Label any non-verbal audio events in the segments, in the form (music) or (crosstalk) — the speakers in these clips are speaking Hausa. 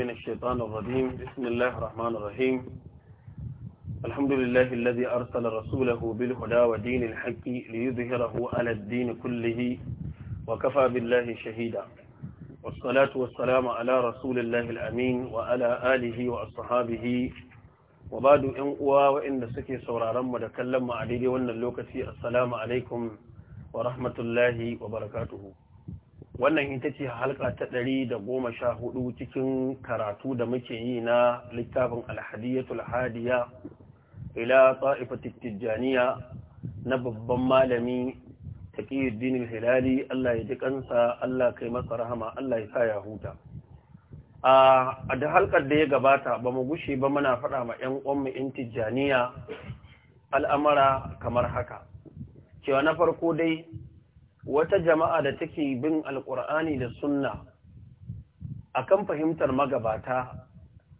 من الشيطان الرجيم بسم الله الرحمن الرحيم الحمد لله الذي أرسل رسوله بالهدى ودين الحق ليظهره على الدين كله وكفى بالله شهيدا والصلاة والسلام على رسول الله الأمين وعلى آله وأصحابه وبعد إن قوى وإن سكي سورارا ودكلم عليه وأن اللوكسي السلام عليكم ورحمة الله وبركاته wannan ita ce halka ta ɗari da goma sha hudu cikin karatu da muke yi na littafin alhadiyatul hadiya ila ta'ifatit tijjaniya na babban malami taqiyuddin hilali Allah ya ji kansa Allah kai masa rahama Allah ya sa ya huta a da halkar da ya gabata ba mu gushe ba muna faɗa ma 'yan uwanmu In tijjaniya al'amara kamar haka cewa na farko dai wata jama'a da take bin alƙur'ani da sunna akan fahimtar magabata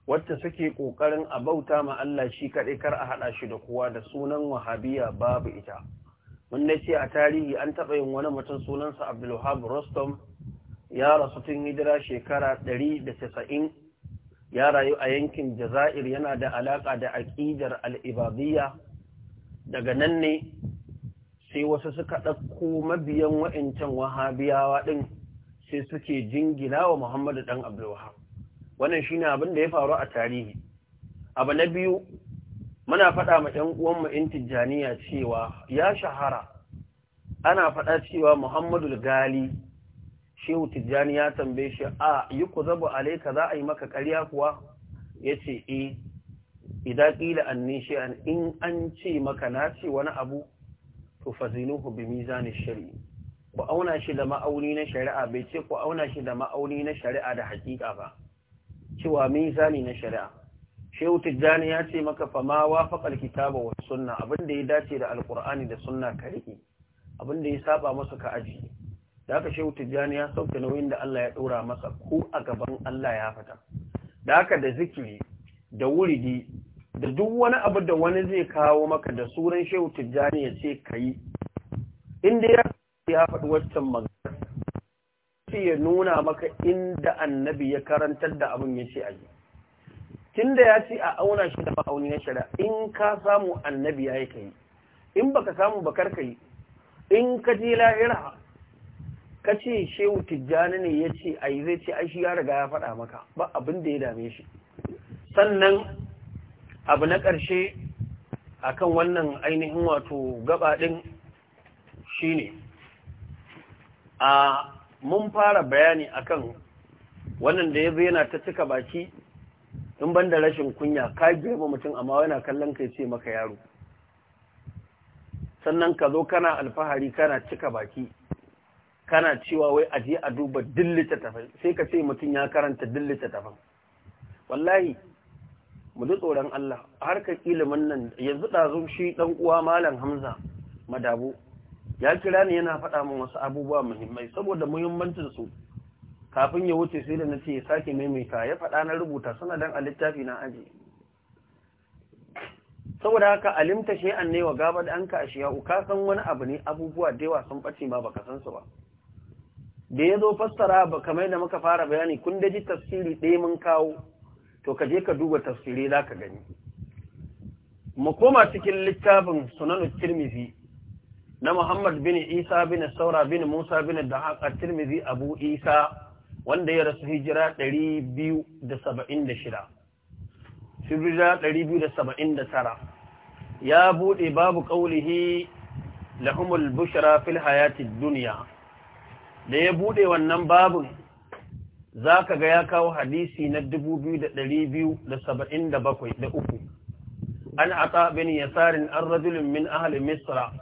wacce suke ƙoƙarin a bauta ma Allah shi kaɗai kar a haɗa shi da kowa da sunan wahabiya babu ita mun da ce a tarihi an taɓa yin wani mutum sunansa abdulwahab rostom ya rasu tun hijira shekara 190 ya rayu a yankin jazair yana da alaƙa da aƙidar al'ibabiyya daga nan ne sai wasu suka ɗauko mabiyan wa'incan wahabiyawa ɗin sai suke jingina wa Muhammadu ɗan Abdulwahab. Wannan shine abin da ya faru a tarihi. Abu na biyu, muna faɗa ma ‘yan uwanmu Tijjaniya cewa ya shahara, ana faɗa cewa Muhammadu Gali, Shehu Tijjani ya tambaye shi, a yi ku zabu alaika za a yi maka ƙarya kuwa? Ya ce, e, idan ƙila an in an ce maka na ce wani abu, to fazinuhu bi mizanin shari'i ku auna shi da ma'auni na shari'a bai ce ku auna shi da ma'auni na shari'a da hakika ba cewa mizani na shari'a shehu tijjani ya ce maka fa ma wafaqa alkitaba wa sunna abinda ya dace da alqur'ani da sunna ka rike abinda ya saba masa ka aji da haka shehu tijjani ya sauke nauyin da Allah ya ɗora masa ko a gaban Allah ya fata da haka da zikiri da wuridi da duk wani abu da wani zai kawo maka da suran shehu tijjani ya ce ka yi inda ya ya faɗi waccan magana sai ya nuna maka inda annabi ya karantar da abin ya ce a yi tunda ya ce a auna shi da ma'auni na shari'a in ka samu annabi ya yi ka yi in ka samu bakar ka yi in ka je lahira ka ce shehu tijjani ne ya ce a yi zai ce ai shi ya riga ya faɗa maka ba abin da ya dame shi sannan abu na ƙarshe a kan wannan ainihin wato gabaɗin shi ne. a mun fara bayani akan wannan da ya yana ta cika baki in ban da rashin kunya ka girma mutum amma yana kallon kai ce maka yaro sannan ka zo kana alfahari kana cika baki kana cewa wai a je a duba dillita tafai sai ka ce mutum ya karanta dillita tafan wallahi mu ji tsoron Allah harkar ilimin nan yanzu ɗazun shi ɗan uwa malam Hamza madabu ya kira ni yana faɗa min wasu abubuwa muhimmai saboda muhimmancin su kafin ya wuce sai da na ce ya sake maimaita ya faɗa na rubuta dan a littafi na aji saboda haka alimta shay'an ne wa gaba da ka ashiya ka san wani abu ne abubuwa da yawa sun bace ma baka san su ba da ya zo fassara ba kamar da muka fara bayani kun da ji tafsiri ɗaya mun kawo to ka je ka duba tafsirai za ka gani mu koma cikin littafin sunan tirmizi na muhammad bin isa bin saura bin musa bin a tirmizi abu isa wanda ya rasu hijira 276 hijira 279 ya buɗe babu ƙaulihi lahumul bushra fil hayatid duniya. da ya buɗe wannan babu. za ka ga ya kawo hadisi na biyu da da da da saba'in bakwai uku. an aka ya yasarin an rajulun min ahal misra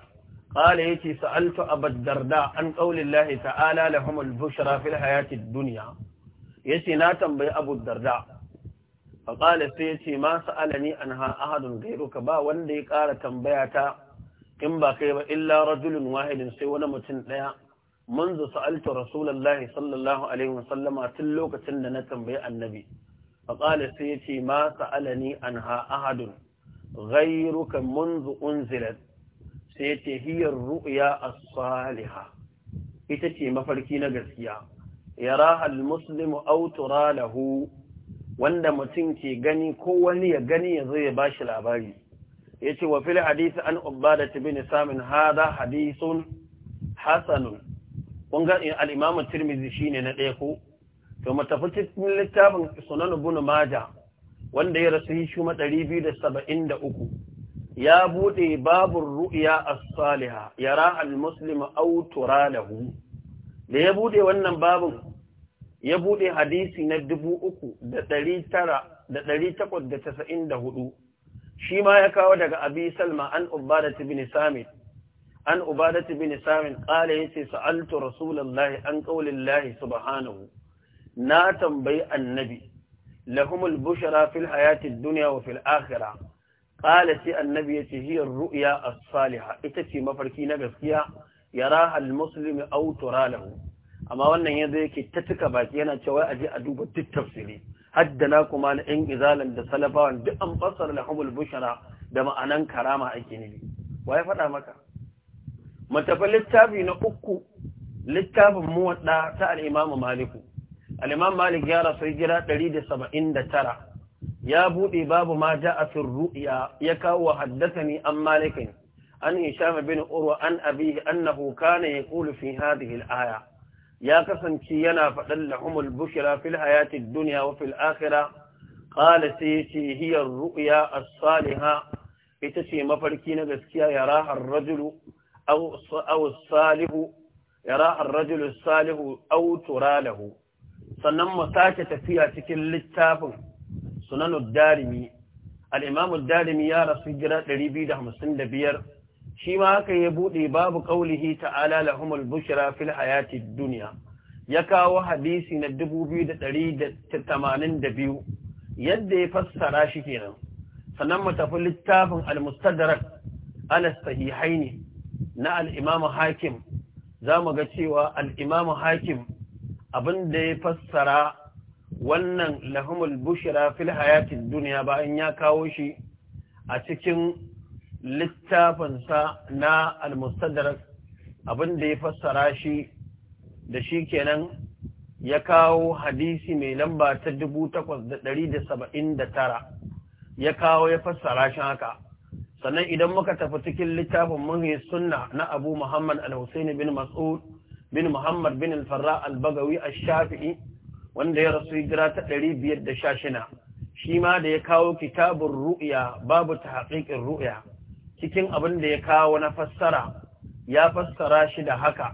ƙala ya ce sa’alta a bajjarda an ƙaunin lahi ta’ala da hamal bushra fil hayatid duniya ya ce na tambayi abu darda a sai ya ce ma sa’ala ni an ha ahadun gairu ka ba wanda ya ƙara tambaya ta in ba kai ba illa rajulun wahidin sai wani mutum ɗaya منذ سألت رسول الله صلى الله عليه وسلم أتلوك تندنا تنبيع النبي فقال سيتي ما سألني عنها أحد غيرك منذ أنزلت سيتي هي الرؤيا الصالحة إتتي مفلكين قسيا يراها المسلم أو ترى له wanda mutum ke gani ko wani ya gani ya zai ba shi labari ya ce wa fil hadisi an ubada bin samin hada hadisun hasanun kun ga al tirmizi shine na ɗaya ko to matafi cikin littafin Sunan Ibn Maja, wanda ya rasu shi ma 273 ya buɗe babur ru'ya as-salihah yara al-muslimu da Hu. da ya buɗe wannan babun ya buɗe hadisi na 3894 shi ma ya kawo daga Abi Salma an da ibn Samit an ubadatu bin samin qala yace sa'altu rasulullahi an qaulillahi subhanahu na tambayi annabi lahumul bushra fil hayatid dunya wa fil akhirah qala sai annabi yace hiya ar-ru'ya as-salihah ita ce mafarki na gaskiya yaraha al-muslimu aw tura lahu amma wannan yanzu yake ta baki yana cewa aje a duba duk tafsiri haddana kuma na ɗan izalan da salafawan duk an fassara lahumul bushara da ma'anan karama ake nufi wa ya faɗa maka matafa littafi na uku littafin muwadda ta al'imamu maliku al'imam malik ya rasu jira 179 ya buɗe babu ma ja a fin ru'iya ya kawo haddasa ni an malikin an hisham bin urwa an abihi annahu kana ya fi hadhihi da aya ya kasance yana faɗan lahumul bushra fil hayatid duniya, wa fil akhira qala sayyati hiya ar-ru'ya as saliha ita ce mafarki na gaskiya ya rahar rajulu أو الصالح يرى الرجل الصالح أو ترى sannan mu sake tafiya cikin littafin sunanud darimi al'imamu darimi ya rasu jira 255 shi ma haka ya buɗe babu ƙaulihi ta'ala lahumul bushra fil hayati duniya ya kawo hadisi na 2,182 yadda ya fassara shi kenan sannan mu tafi littafin al-mustadrak ala sahihaini na al'imamu hakim za mu ga cewa al'imamu hakim abin da ya fassara wannan lahumul bushira fil hayatin duniya bayan ya kawo shi a cikin littafinsa na al-mustadrak abin da ya fassara shi da shi kenan ya kawo hadisi mai lamba ta tara ya kawo ya fassara shi haka sannan idan muka tafi cikin littafin muhi sunna na abu muhammad al-husaini bin mas'ud bin muhammad bin al-farra al-bagawi al-shafi'i wanda ya rasu hijira ta 516 shi ma da ya kawo kitabun ru'ya babu ta haƙiƙin ru'ya cikin abin da ya kawo na fassara ya fassara shi da haka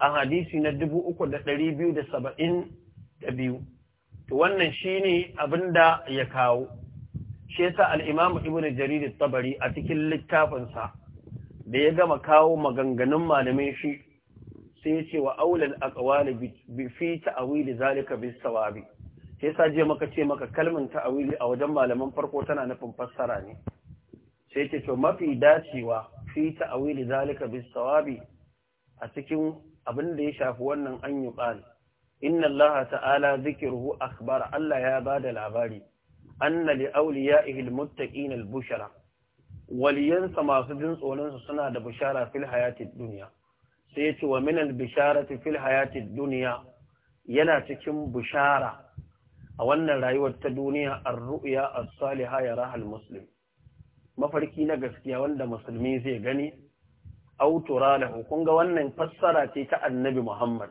a hadisi na 3272 to wannan ne abin da ya kawo shi yasa al-Imam Ibn Jarir tabari a cikin littafinsa da ya gama kawo maganganun malamin shi sai ya ce wa aulal aqwali bi fi ta'wil zalika bis sawabi sai yasa je maka ce maka kalmar ta'wili a wajen malaman farko tana nufin fassara ne sai ya ce to mafi dacewa fi ta'wil zalika bis sawabi a cikin abin da ya shafi wannan an yi inna Allah ta'ala zikiruhu akbar Allah ya bada labari anna li awliyaihi almuttaqin albushara waliyansa masu jin tsoron su suna da bishara fil hayatid dunya sai yace wa min albisharati fil hayatid dunya yana cikin bishara a wannan rayuwar ta duniya ar-ru'ya as-salihah yaraha al-muslim mafarki na gaskiya wanda musulmi zai gani autura lahu kun ga wannan fassara ce ta annabi Muhammad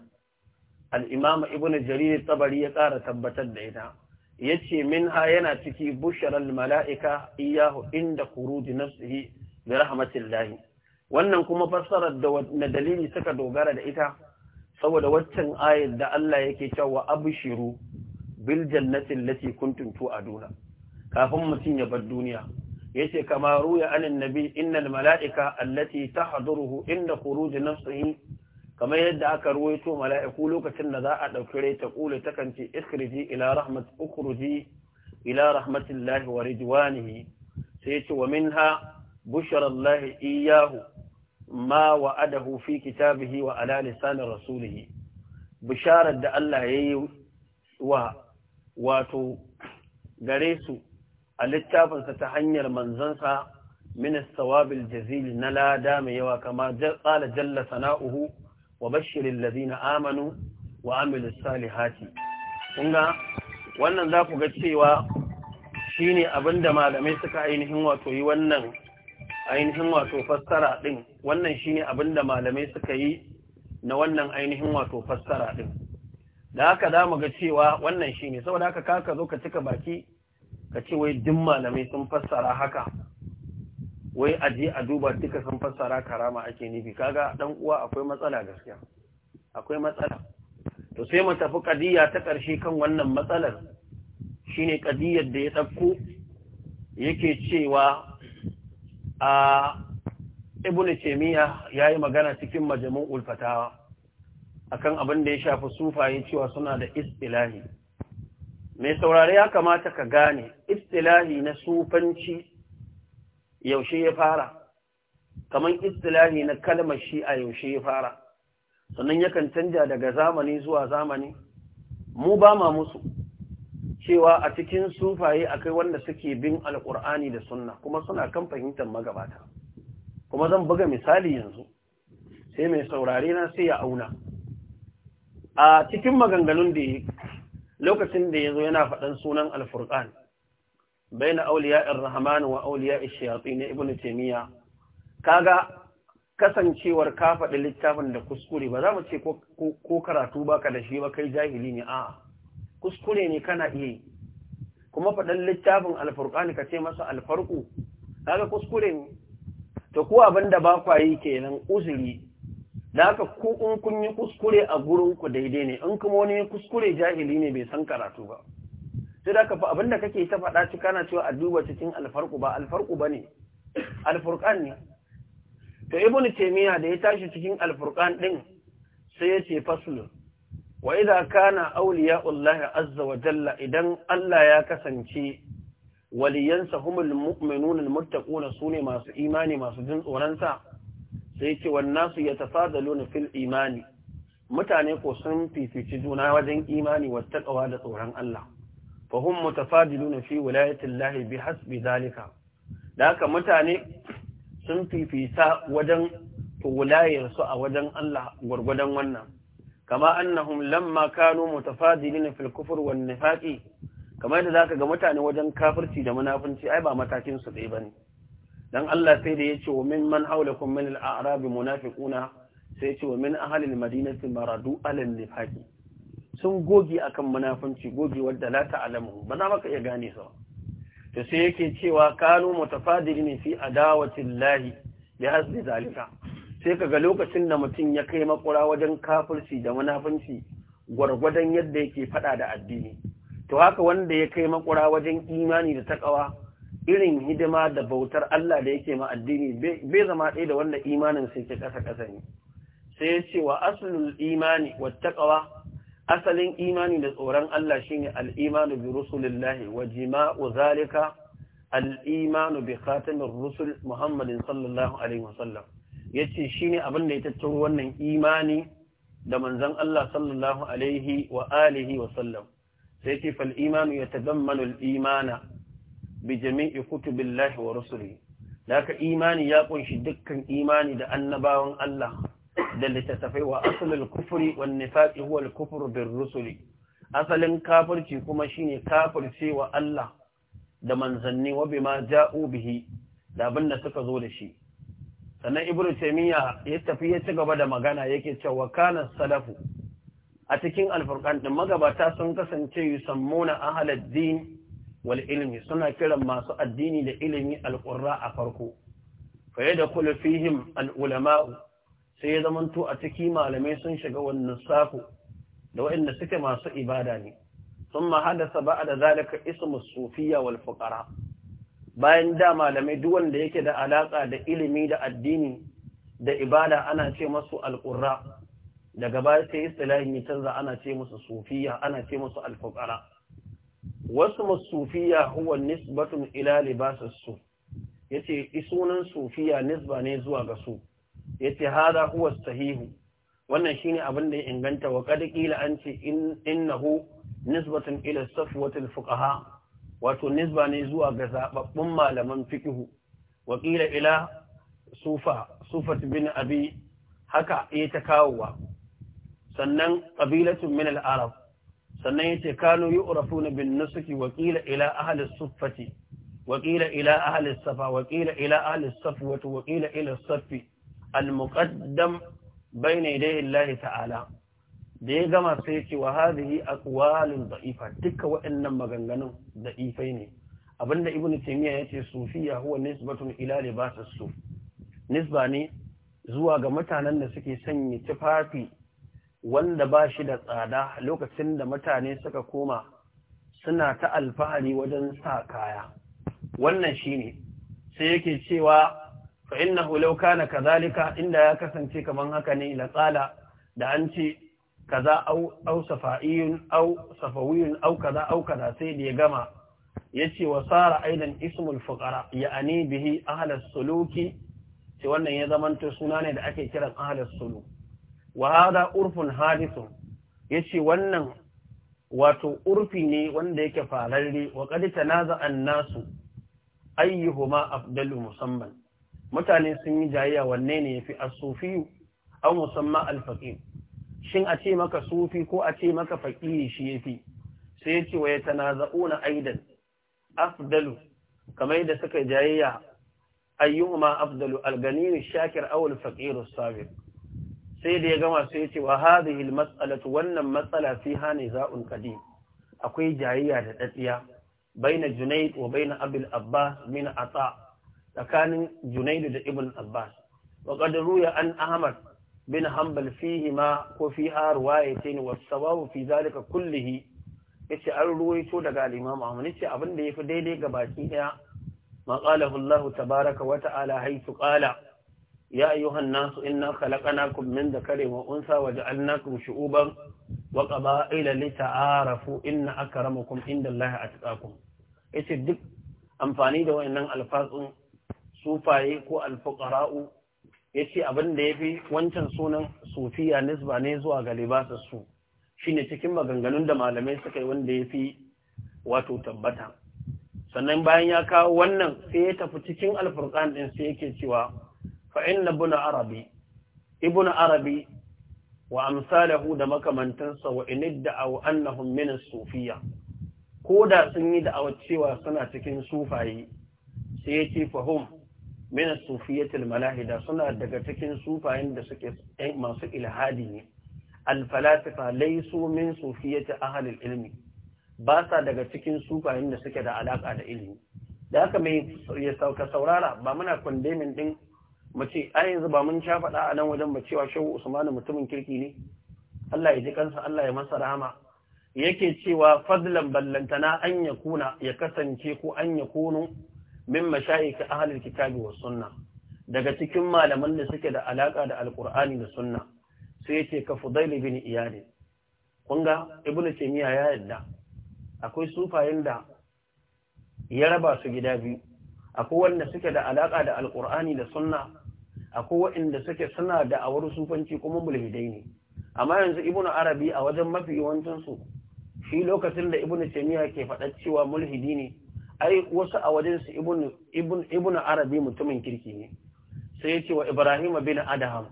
al-imam ibnu jarir tabari ya ƙara tabbatar da ita yace minha yana ciki busharal mala'ika iyahu inda khuruj nafsihi bi rahmatillahi wannan kuma fassarar da na dalili suka dogara da ita saboda waccan ayar da Allah yake cewa abushiru bil jannati allati kuntum aduna kafin mutum ya bar duniya yace kamaru ya anin nabi innal mala'ika allati tahduruhu inda khuruj nafsihi kamar yadda aka ruwaito mala'iku lokacin da za a ɗauki rai ta ƙule ta kanci iskriji ila rahmat ukhruji ila rahmatillahi wa rijwanihi sai yace wa minha bushara Allah iyahu ma adahu fi kitabihi wa ala lisan rasulih bisharar da Allah yayi wa wato gare su a littafinsa ta hanyar manzansa min as-sawabil na lada mai yawa kama qala jalla sana'uhu wa bashirin lazina amanu wa amilu salihati kunga wannan za ku ga cewa shi ne abin da malamai suka ainihin wato yi wannan ainihin wato fassara din wannan shi ne abin malamai suka yi na wannan ainihin wato fassara ɗin da haka za mu ga cewa wannan shi saboda haka ka zo ka cika baki ka ce wai duk malamai sun fassara haka wai a je a duba duka sun fassara karama ake nufi kaga dan uwa akwai matsala gaskiya akwai matsala to sai mu tafi kadiya ta ƙarshe kan wannan matsalar shine kadiyar da ya dauko yake cewa a ibnu taymiya yayi magana cikin majmu'ul fatawa akan abin da ya shafi sufaye cewa suna da istilahi mai saurare ya kamata ka gane istilahi na sufanci yaushe ya fara kamar istilahi na kalmar shi a yaushe ya fara sannan yakan canja daga zamani zuwa zamani mu ba ma musu cewa a cikin sufaye akwai wanda suke bin alkur'ani da sunna kuma suna kan fahimtar magabata kuma zan buga misali yanzu sai mai saurare na sai ya auna a cikin maganganun da lokacin da ya zo yana faɗan sunan alfurkan baina auliya auliya'ir rahman wa auliya'ish shayatin ibnu Ka ga kasancewar ka faɗi littafin da kuskure ba za mu ce ko karatu baka da shi ba kai jahili ne a'a kuskure ne kana iya yi? kuma faɗin littafin alfurqani ka ce masa alfarku kaga kuskure ne to ko abin da ba kwa kenan uzuri da haka ko in kun yi kuskure a gurinku daidai ne in kuma wani kuskure jahili ne bai san karatu ba sai da ka fa abinda kake ta faɗa ci kana cewa a duba cikin alfarku ba alfarku ne, alfurkan ne to ibnu taymiya da ya tashi cikin alfurkan din sai ya ce faslu wa na kana awliya'ullahi azza wa jalla idan Allah ya kasance waliyansa humul mu'minuna almuttaquna sune masu imani masu jin tsoron sa sai ce wannasu yatafadaluna fil imani mutane ko sun fifici juna wajen imani wa taqwa da tsoron Allah fa hum na fi wilayati bi Hasbi, zalika da haka mutane sun fifita wajen wilayar a wajen Allah gwargwadon wannan kama annahum lamma kanu mutafadilina fil kufr wan nifaqi kamar da zaka ga mutane wajen kafirci da munafinci ai ba matakin su dai bane dan Allah sai da yace wa min man haulakum min al-a'rab munafiquna sai yace wa min ahli al-madinati maradu ala nifaqi sun goge akan munafunci goge wadda la ta'lamu ba za maka iya gane sa to sai yake cewa kanu mutafadirin fi a lahi da hasbi zalika sai kaga lokacin da mutum ya kai makura wajen kafirci da munafunci gwargwadon yadda yake fada da addini to haka wanda ya kai makura wajen imani da takawa irin hidima da bautar Allah da yake ma addini bai zama ɗaya da wanda imanin sai ke kasa kasa ne sai ya ce wa aslul imani wa taqwa asalin imani da tsoron Allah shine al-imanu bi rusulillahi wa jima'u zalika alimanu bi khatamir rusul Muhammadin sallallahu alaihi wasallam yace shine abin da ya tattaro wannan imani da manzon Allah sallallahu alaihi wa alihi wa sai ce fal imanu yatadammanu al-imana bi jami'i kutubillahi wa rusuli. da imani ya ƙunshi dukkan imani da annabawan Allah da littattafai wa asalin kufuri wan nifaqi huwa kufur bin rusuli asalin kafirci kuma shine kafirce wa Allah da manzanni wa bima ja'u bihi da abin da suka zo da shi sannan ibnu taymiya ya tafi ya ci gaba da magana yake cewa kana salafu a cikin alfurqan din magabata sun kasance yusammuna ahlad din wal ilmi suna kiran masu addini da ilimi alqurra a farko fa yadkhulu fihim al ulama'u sai ya zamanto a ciki malamai sun shiga wannan safu da waɗanda suke masu ibada ne sun mahadasa ba da zalika ismu sufiya wal fuqara bayan da malamai duk wanda yake da alaka da ilimi da addini da ibada ana ce masu alqurra daga baya sai istilahin ya canza ana ce musu sufiya ana ce musu al fuqara wasu sufiyya huwa nisbatun ila libas as yace sunan sufiya nisba ne zuwa ga su yace hada huwa sahihu wannan shine abin da ya inganta wa kada qila an ce innahu nisbatan ila safwati alfuqaha wato nisba ne zuwa ga zababbun malaman fiqh wa qila ila sufa sufat bin abi haka ya ta kawowa sannan qabilatun min al-arab sannan yace kanu yu'rafuna bin nusuki wa qila ila ahli sufati wa qila ila ahli safa wa qila ila ahli as-safwati wa qila ila safi al-muqaddam bayna yadayi Allah ta'ala da ya gama sai ce wa hadhihi aqwalun da'ifa duka waɗannan maganganun da'ifai ne abinda ibn ya ce sufiya huwa nisbatun ila libas su nisba ne zuwa ga mutanen da suke sanya tufafi wanda ba shi da tsada lokacin da mutane suka koma suna ta alfahari wajen sa kaya wannan shine sai yake cewa fa hulauka law kazalika inda ya kasance kaman haka ne la tsala da an ce kaza au au safa'iyun au safawiyun au kaza au kaza sai da ya gama yace wa sara aidan ismul fukara, ya'ani bihi ahlus suluki sai wannan ya zamanto suna ne da ake kiran ahlus suluk wa hada urfun hadithun yace wannan wato urfi ne wanda yake fararre wa qad tanaza an-nasu ayyuhuma afdalu musamman mutane sun yi jayayya wanne ne yafi as-sufi aw musamma al-faqih shin a ce maka sufi ko a ce maka faqih shi yafi sai ya ce wa yatanaza'una aidan afdalu kamar yadda suka jayayya ayyuhuma afdalu al-ghani shakir aw al-faqir as-sabir sai da ya gama sai ya ce wa hadhihi al-mas'alatu wannan matsala fiha niza'un qadim akwai jayayya da datsiya baina junayd wa baina abul abbas min ata tsakanin junaidu da ibn abbas wa qad ruya an ahmad bin Hambal fihi ma ko fi arwayatin wa kullihi yace an ruwaito daga al-imam ahmad yace abin da yafi daidai ga baki daya ma qalahu allah tabaaraka wa ta'ala haythu qala ya ayyuhan nasu inna khalaqnakum min dhakarin wa unsa wa ja'alnakum shu'uban wa qaba'ila lita'arafu inna akramakum indallahi allah atqakum yace duk amfani da wayannan alfazun sufaye ko alfuqara'u yace abin da yafi wancan sunan sufiya nisba ne zuwa ga libasa su shine cikin maganganun da malamai suka yi wanda yafi wato tabbata sannan bayan ya kawo wannan sai ya tafi cikin alfurqan din sai yake cewa fa inna ibn arabi ibn arabi wa amsalahu da makamantansa wa inidda aw annahum min as-sufiyya ko sun yi da'awar cewa suna cikin sufaye sai ya fahum min sufiyatul malahida suna daga cikin sufayin da suke masu ilhadi ne al-falasifa laysu min sufiyati ahli ilmi ba sa daga cikin sufayin da suke da alaka da ilimi da haka mai ya sauka saurara ba muna condemning din mace ai yanzu ba mun sha faɗa a nan wajen ba cewa shehu usmanu mutumin kirki ne Allah ya ji kansa Allah ya masa rahama yake cewa fadlan ballantana an ya kuna ya kasance ko an ya kunu min mashayikh ahlul kitabi wa sunna daga cikin malaman da suke da alaka da alqur'ani da sunna sai yace ka fudail ibn iyad kun ga ibnu taymiya ya yadda akwai sufayen da ya raba su gida biyu akwai wanda suke da alaka da alqur'ani da sunna akwai wanda suke suna da awar sufanci kuma mulhidai ne amma yanzu ibnu arabi a wajen mafi yawancin su shi lokacin da ibnu taymiya ke faɗa cewa mulhidi ne ai wasu a wajen su ibn arabi mutumin kirki ne sai yace wa ibrahim bin adham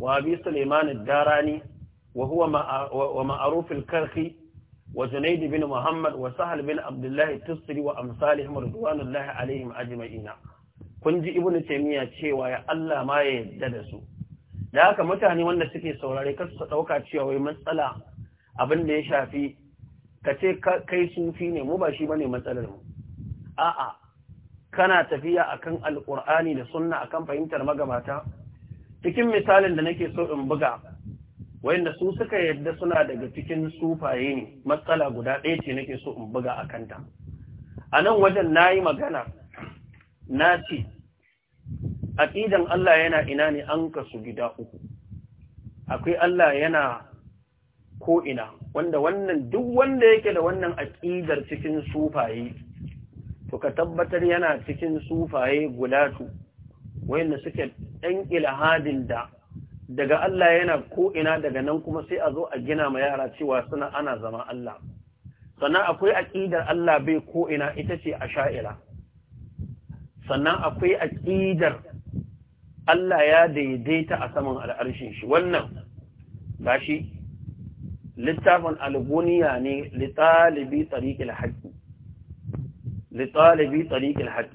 wa abi sulaiman darani wa huwa wa ma'ruf al-karhi wa zunayd bin muhammad wa sahal bin abdullah tusri wa amsalihim ridwanullahi alaihim ajma'ina kun ji ibn taymiya cewa ya Allah ma ya yadda da su da haka mutane wanda suke saurare kar su dauka cewa wai matsala abin da ya shafi ka ce kai sufi ne mu ba shi bane matsalar mu a'a kana tafiya akan alqur'ani da sunna akan fahimtar magabata cikin misalin da nake so in buga wayanda su suka yadda suna daga cikin sufaye ne matsala guda ɗaya ce nake so in buga akan ta a nan wajen nayi magana na ce aqidan Allah yana ina ne an kasu gida uku akwai Allah yana ko ina wanda wannan duk wanda yake da wannan aqidar cikin sufaye to ka tabbatar yana cikin sufaye gulatu wayanda suke ɗan ilhadin da daga Allah yana ko'ina daga nan kuma sai a zo a gina ma yara cewa suna ana zama Allah. Sannan akwai aƙidar Allah bai ko'ina ita ce a sha'ira. Sannan akwai aƙidar Allah ya daidaita a saman al'arshin shi, wannan gashi littafin alguniya ne littalibi tsariƙil haƙƙi. li talibi tariqil haqq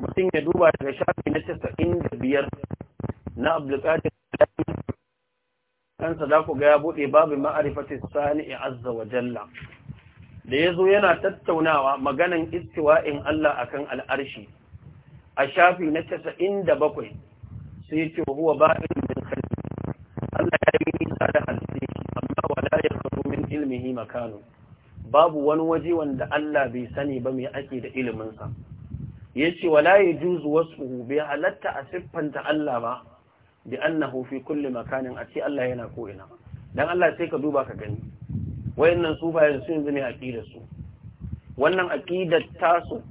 mutum ya duba daga shafi na 95 na abdulkadir kansa da ku ga ya bude babu ma'arifati sani'i azza wa jalla da yazo yana tattaunawa maganan istiwa'in Allah akan al'arshi a shafi na 97 sai yace huwa ba'in min khalqi Allah ya yi nisa da halitta amma wala yakhru min ilmihi makanu babu wani waje wanda Allah bai sani ba mai ake da iliminsa ya ce wala ya juzu wasu bai halatta a siffanta Allah ba da annahu fi kulli makanin a ce Allah yana ko'ina don Allah sai ka duba ka gani wayannan sufayen su yanzu ne aƙidar su wannan aƙidar tasu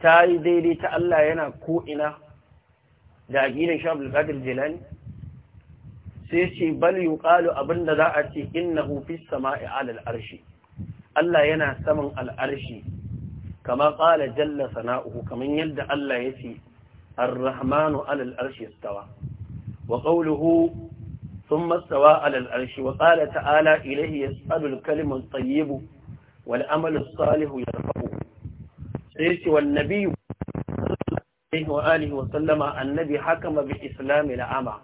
ta yi daidai ta Allah yana ko'ina da aƙidar shabul qadir Jelani? sai ce bal abin da za a ce innahu fis sama'i alal arshi Allah yana saman al'arshi kama ƙala jalla sana'uhu kamar yadda Allah ya ce ar-rahmanu alal arshi istawa wa qawluhu thumma istawa alal wa qala ta'ala ilayhi ya al-kalimu at-tayyib wal amalu as-salih yarfa'u sai ce wan nabiyyu alaihi wa alihi wa sallama annabi hakama bi islamil ama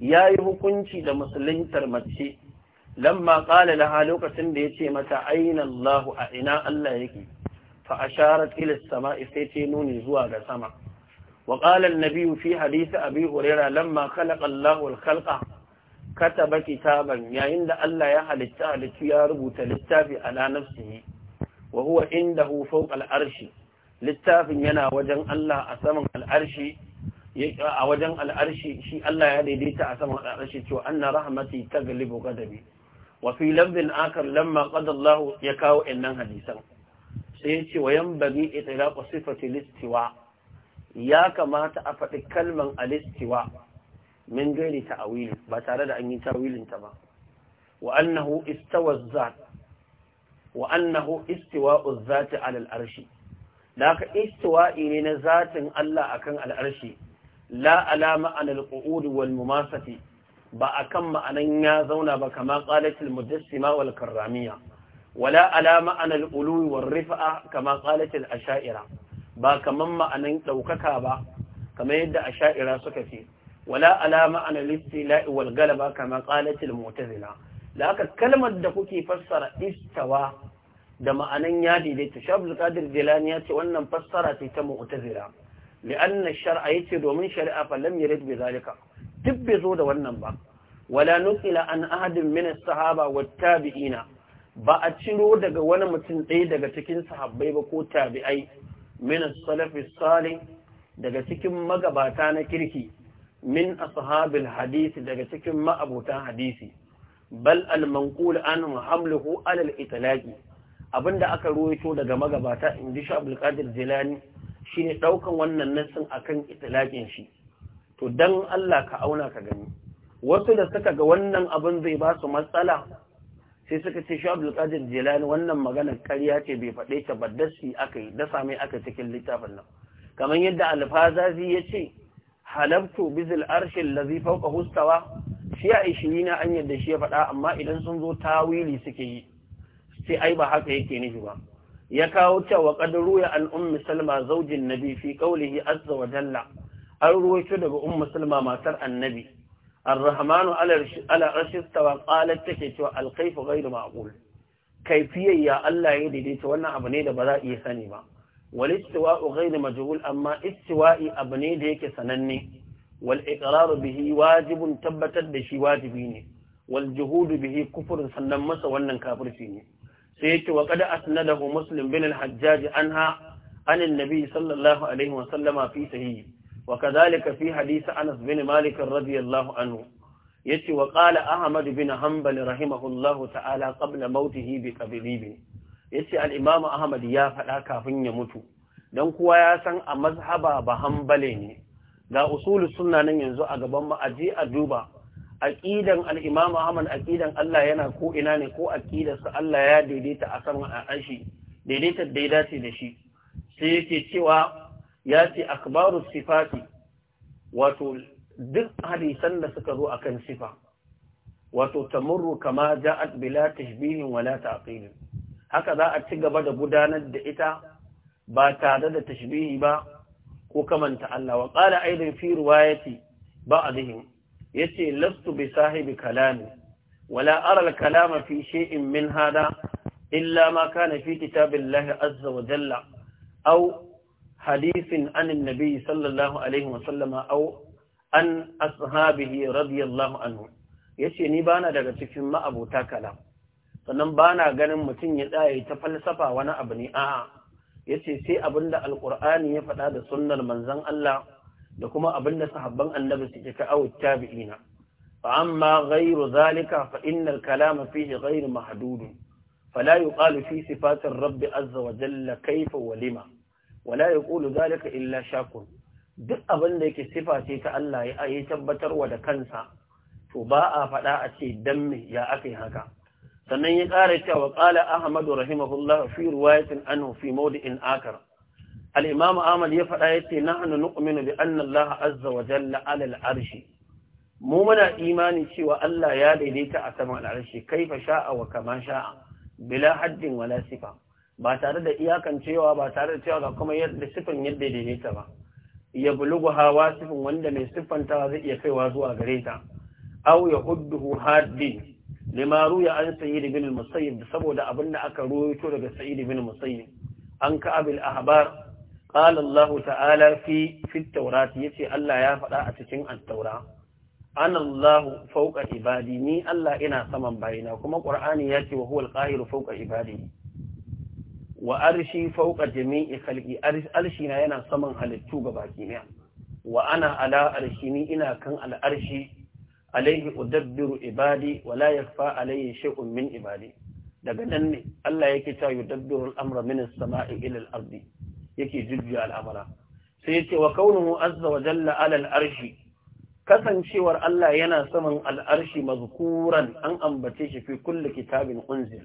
yi hukunci da musuluntar mace lamma qala laha lokacin da yace mata aina Allah a ina Allah yake fa asharat ila samai sai ce nuni zuwa ga sama wa qala an-nabi fi hadith abi hurairah lamma khalaqa Allah al-khalqa kataba kitaban yayin da Allah ya halitta halittu ya rubuta littafi ala nafsihi wa huwa indahu fawqa al-arshi littafin yana wajen Allah a saman al-arshi a wajen al'arshi shi Allah ya daidaita a saman al'arshi cewa anna rahmati taglibu ghadabi wa lambin lafzin akar lamma qada ya kawo innan hadisan sai ya ce wa yanbaghi itlaqu sifati listiwa ya kamata a faɗi kalman alistiwa min gairi ta'awili ba tare da an yi tawilin ta ba wa annahu istawa zat wa annahu istiwa'u az-zati 'ala laka ne na zatin Allah akan al'arshi? la alama 'ala al-qu'ud wal mumasati ba akan ma'anan ya zauna ba kama qalatil mujassima wal karramiya wala alama ma'ana al-ulu war kama qalatil asha'ira ba kaman ma'anan ɗaukaka ba kama yadda asha'ira suka fi. wala alama ma'ana al-istila wal galaba kama qalatil mu'tazila laka kalmar da kuke fassara istawa da ma'anan ya daidaita shabul qadir jilani ya ce wannan fassara ce ta mu'tazila li'anna ash-shar'a yace domin shari'a fa lam yurid bi zalika duk bai zo da wannan ba wala nukila an ahadin min sahaba wa tabi'ina ba a ciro daga wani mutum ɗaya daga cikin sahabbai ba ko tabi'ai min salafi salih daga cikin magabata na kirki min ashabil hadisi daga cikin ma'abutan hadisi bal al manqul an hamluhu ala al itlaqi abinda aka ruwaito daga magabata inji Abdul Qadir Jilani shine daukan wannan nassin akan itlaqin shi to dan Allah ka auna ka gani wasu da suka ga wannan abin zai ba su matsala sai suka ce shi abdul qadir jilani wannan magana karya ce bai faɗe ta ba dasi aka yi dasa mai aka cikin littafin nan kamar yadda alfazazi ya ce halabtu bizil arshi allazi fawqa hustawa shi a na an yadda shi ya faɗa amma idan sun zo tawili suke yi sai ai ba haka yake nufi ba ya kawo cewa qadru ya an ummi salma zaujin nabi fi qawlihi azza wa jalla an ruwaito daga Umma salma matar annabi arrahmanu ala arshi tawa qalat take cewa alkayfu ghayru ma'qul kaifiyayya Allah ya daidaita wannan abu ne da ba za a iya sani ba wal istiwa'u ghayru majhul amma istiwa'i abu ne da yake sananne wal iqraru bihi wajibun tabbatar da shi wajibi ne wal juhudu bihi kufrun sannan masa wannan kafirci ne sai yake wa qad asnadahu muslim bin al-hajjaj anha an annabi sallallahu alaihi wa sallama fi sahihi wa kadhalika fi hadisi Anas bin Malik radiyallahu anhu yace wa qala Ahmad bin Hanbal rahimahullahu ta'ala qabla mautihi bi kabibi yace al-Imam Ahmad ya faɗa kafin ya mutu dan kuwa ya san a mazhaba ba Hanbali ne ga usulus sunna nan yanzu a gaban a aje a duba aqidan al-Imam Ahmad aqidan Allah yana ko ina ne ko aqidar sa Allah ya daidaita a san a ashi daidaita daidaci da shi sai yake cewa ya ce akbaru sifati wato duk hadisan da suka zo akan sifa wato tamurru kama ja'at bila tashbihin wala ta'qil haka za a ci gaba da gudanar da ita ba tare da tashbihi ba ko kamanta Allah wa qala aidan fi riwayati ba'dihim yace lastu bi sahibi kalami wala ara al kalama fi shay'in min hada illa ma kana fi kitabillahi azza wa jalla aw hadisin anin nabi sallallahu alaihi wasallama au an ashabihi radiyallahu anhu yace ni bana daga cikin ma'abota kalam sannan bana ganin mutum ya tsaya ta falsafa wani abu ne a'a yace sai abinda alqur'ani ya faɗa da sunnar manzon Allah da kuma abinda sahabban annabi suke ka awu tabi'ina fa amma ghayru zalika fa innal kalama fihi ghayru mahdud fala yuqalu fi sifatir rabbi azza wa jalla kayfa wa lima wala ya yaqulu zalika illa shakun duk abin da yake sifa ce ta Allah ya yi tabbatarwa da kansa to ba a faɗa a ce dan me ya yi haka sannan ya ƙara cewa qala ahmadu rahimahullah fi riwayatin anhu fi mawdi'in akar al-imam ahmad ya faɗa yace nahnu nu'minu bi anna Allah azza wa jalla 'ala al-arshi mu muna imani cewa Allah ya daidaita a saman al-arshi kaifa sha'a wa kama sha'a bila haddin wala sifa ba tare da iyakancewa cewa ba tare da cewa ga kuma yadda sifin yadda daidaita ba ya bulugu hawa sifin wanda mai siffantawa zai iya kaiwa zuwa gare ta aw ya hudduhu haddi lima ruya an sayyid ibn al-musayyib saboda abin da aka ruwaito daga sayyid ibn al-musayyib an ka abil ahbar qala Allah ta'ala fi fi at-taurat yace Allah ya faɗa a cikin at-taura ana Allah fawqa ibadi ni Allah ina saman bayina kuma Qur'ani yace wa huwa al-qahiru fawqa ibadi wa arshi fauka jami'i khalqi arshi na yana saman halittu ga baki ne wa ana ala arshi ni ina kan al arshi alaihi udabbiru ibadi wa la yakfa alayhi shay'un min ibadi daga nan ne Allah yake ta yudabbiru al-amra min as-sama'i ila al-ardi yake jujjuya al'amara sai yace wa kaunuhu azza wa jalla ala al-arshi kasancewar Allah yana saman al-arshi mazkuran an ambace shi fi kulli kitabin unzil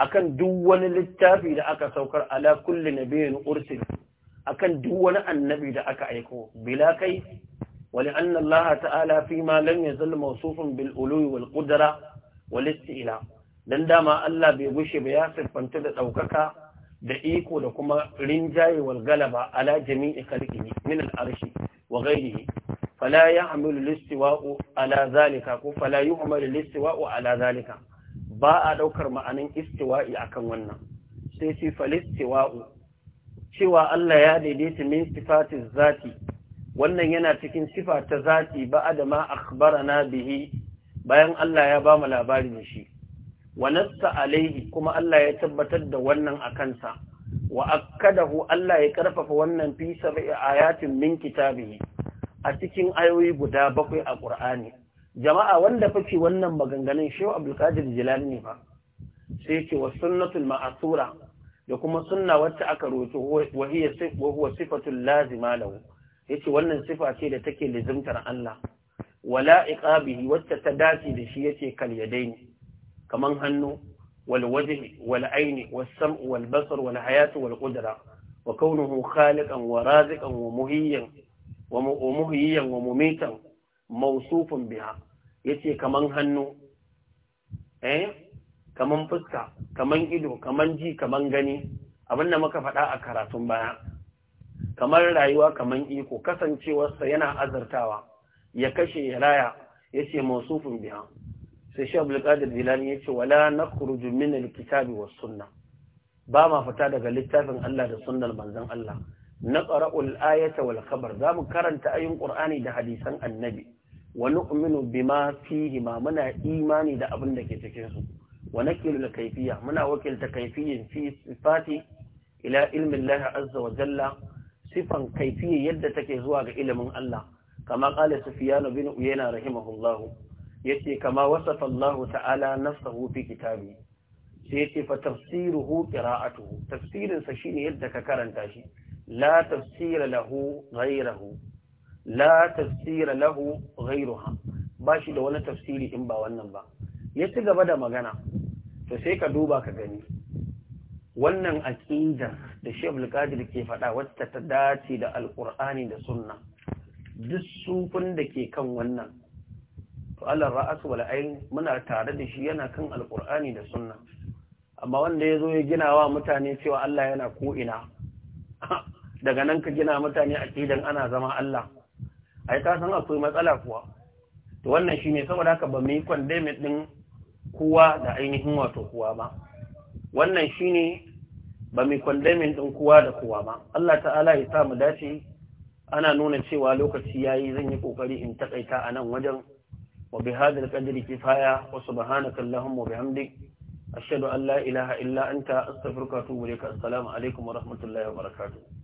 akan duk wani littafi da aka saukar ala kulli nabiyyin ursil akan duk wani annabi da aka aiko bila kai wali anna Allah ta'ala fi ma lam yazal mawsufun bil ului wal qudra wal istila dan dama Allah bai gushe ba ya siffanta da daukaka da iko da kuma rinjaye wal galaba ala jami'i khalqihi min al arshi wa ghayrihi fala ya'malu al istiwa'u ala zalika ko fala yu'malu al istiwa'u ala zalika ba a ɗaukar ma'anin istiwa'i akan wannan sai ce falistiwa'u cewa Allah ya daidaita min sifatin zati wannan yana cikin sifa ta zati ba da ma akhbarana bihi bayan Allah ya ba mu labari da shi wa Nasta alaihi kuma Allah ya tabbatar da wannan a kansa wa akkadahu Allah ya karfafa wannan fi sab'i ayatin min kitabihi a cikin ayoyi guda bakwai a Qur'ani jama'a wanda fake wannan maganganun shehu abdulkadir jilani ne ba sai ce wa sunnatul ma'asura da kuma sunna wacce aka roto wa huwa sifatul lazima lahu yace wannan sifa ce da take lizimtar Allah wala iqabihi wacce ta dace da shi yace kal yadaini kaman hannu wal wajhi wal aini was sam'u wal basar wal hayatu wal qudra wa kaunuhu khaliqan wa raziqan wa muhiyyan wa muhiyyan wa mumitan mausufin biha yace kaman hannu eh kaman fuska kaman ido kaman ji kaman gani abinda muka faɗa a karatun baya kamar rayuwa kaman iko kasancewarsa yana azartawa ya kashe ya raya yace mausufin biha sai shi abdulkadir ya yace wala nakhruju min alkitabi was sunnah ba ma fita daga littafin Allah da sunnar manzon Allah na qara'ul ayata wal khabar za karanta ayin qur'ani da hadisan annabi Wani umminu bima fihi ma muna imani da abin da ke cikin su wa nakilu kaifiya muna wakilta kaifiyin fi sifati ila ilmin Allah azza wa jalla sifan kaifiya yadda take zuwa ga ilimin Allah kama qala sufyan bin uyayna rahimahullahu yace kama wasafa Allah ta'ala nafsuhu fi kitabi sai ce fa tafsiruhu qira'atuhu tafsirin sa shine yadda ka karanta shi la tafsira lahu ghayrahu la tafsira lahu ghayruha ba da wani tafsiri in ba wannan ba ya ci gaba da magana to sai ka duba ka gani wannan aqida da Sheikh Al-Qadir ke faɗa wata ta dace da Al-Qur'ani da Sunna duk sufin da ke kan wannan to Allah ra'asu wal ayn muna tare da shi yana kan Al-Qur'ani da Sunna amma wanda ya zo ya gina wa mutane cewa Allah yana ko'ina, (laughs) daga nan ka gina mutane aqidan ana zama Allah, ai ka san akwai matsala kuwa to wannan shine saboda haka ba mu yi condemn din kowa da ainihin wato kowa ba wannan shine ba mu condemn din kowa da kowa ba Allah ta'ala ya sa mu dace ana nuna cewa lokaci yayi zan yi kokari in takaita a nan wajen wa bi kifaya wa subhanaka allahumma wa bihamdik ashhadu an la ilaha illa anta astaghfiruka wa atubu ilaik assalamu alaikum wa rahmatullahi wa barakatuh